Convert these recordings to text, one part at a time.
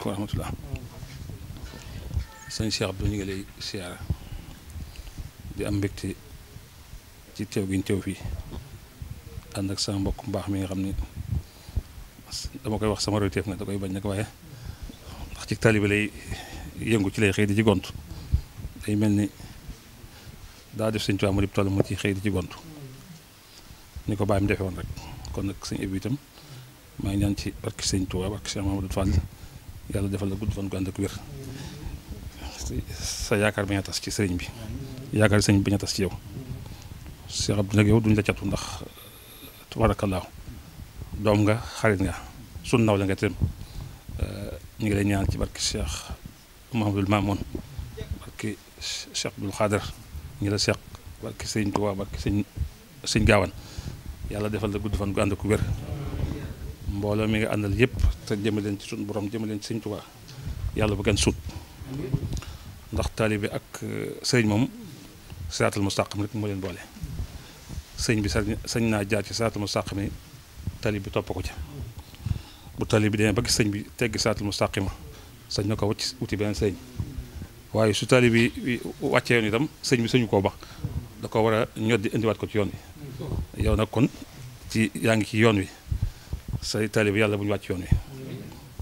asalaamaaleykum wa rahmatulah. sëñ Cheikh Abdou ñu ngi lay siyaara di am mbégte ci teew giñ ñu fii ànd ak sama mbokk mbaax mi nga xam ni dama koy wax sama royteef nag da koy bañ nag waaye ndax ci taalibe lay yëngu ci lay xëy di ci gont day mel ni daa def sëñ Tuubaa mu di toll mu ci xëy di ci gont ni ko bàyyam defee woon rek kon nag sëñ Ibou itam maa ngi ñaan ci barki sëñ Tuubaa barki sëñ Mamadou Fall yàlla defal la gudd fan gu ànd ak wér sa yaakaar bañ a tas ci sëriñ bi yaakaar sëriñ bi bañ a tas ci yow Cheikh Abdou nag yow duñ la catu ndax tabaarakallaahu doom nga xarit nga sun naw la nga tëm ñu ngi lay ñaan ci barke Cheikh Mouhamadul Mamoun barke Cheikh Abdoul Xaadar ñi la Cheikh barke sëriñ Tuubaa barke sëñ sëñ Gaawaan yàlla defal la gudd fan gu ànd ak wér mbooloo mi ngi àndal yëpp te jëme leen ci suñu borom jëme leen ci sëñ Tuubaa yàlla bu kenn sut ndax taalibe ak euh, sëriñ moom siraatal mustaqim rek moo leen boole sëñ bi sañ naa jaar ci siraatal mustaqim yi taalibe bi topp ko ci bu taalibe bi demee ba gis sëñ bi teggi siraatal mustaqim sañ na ko wacc wuti beneen sëñ waaye su taalibe bi wàccee yoon itam sëñ bi sañu koo bax da ko war a ñoddi indiwaat ko ci yoon wi yow nag kon ci yaa ngi ci yoon wi say taalib yàlla bu ñu wàcc yoon wi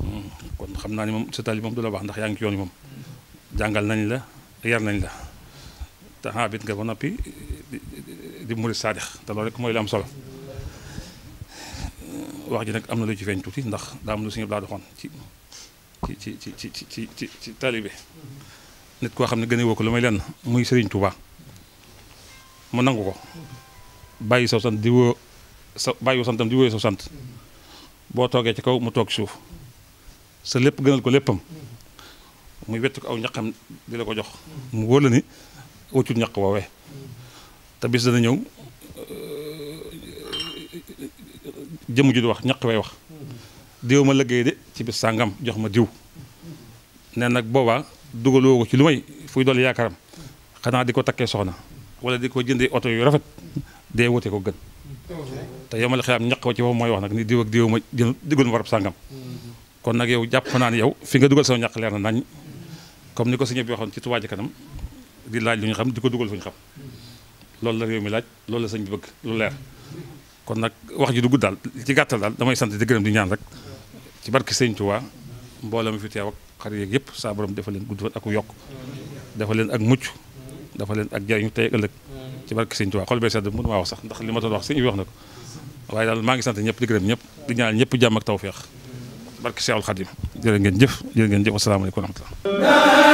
mm. kon xam naa ni moom sa taalib moom du la baax ndax yaa ngi ci yoon wi moom jàngal nañ la yar nañ la te habit nga ba noppi di murid saadix te loolu rek mooy lu am solo wax ji nag am na lu ci feeñ tuuti ndax daa am lu suñu laa doxoon ci ci ci ci ci ci ci taalibe koo xam ne gën a woo ko lu may lenn muy Serigne Touba mu nangu ko bàyyi saw di woo sa bàyyi santam boo toogee ci kaw mu toog suuf sa lépp gënal ko léppam muy wett ko aw ñaqam di la ko jox mu wóor la ni wëccut ñaq woowee te bis dana ñëw euh, jëmm ju du wax ñaq way wax diw ma liggéey de ci bis sàngam jox ma diw neen nag boobaa dugaloo ko ci lu may fuy dolli yaakaaram xanaa di ko takkee soxna wala di ko jëndee oto yu rafet dee wute ko gën te yomal xiyaam ñaq wa ci foofu mooy wax nag ni diw ak diw ma jël diggoon warab sàngam kon nag yow jàpp naa ne yow fi nga dugal sama ñaq leer na nañ comme ni ko sëñ bi waxoon ci Touba Ca Kanam di laaj lu ñu xam di ko dugal fu ñu xam loolu la réew mi laaj loolu la sëñ bi bëgg lu leer kon nag wax ji du gudd daal ci gàttal daal damay sant di gërëm di ñaan rek ci barki sëñ Touba mbooloo mi fi teew ak xar yeeg yëpp saa borom dafa leen gudd fan ak yokk dafa leen ak mucc dafa leen ak jariñu tey ëllëg ci barki sëñ Touba xol bee sedd mënu sax ndax li ma doon wax sëñ bi na waaye daal maa ngi sant ñëpp di gërëm ñëpp di ñaan ñëpp jàmm ak tawféex barke Seexul Xadim jërë ngeen jëf jërë ngeen jëf asalaamaaleykum wa rahmatullah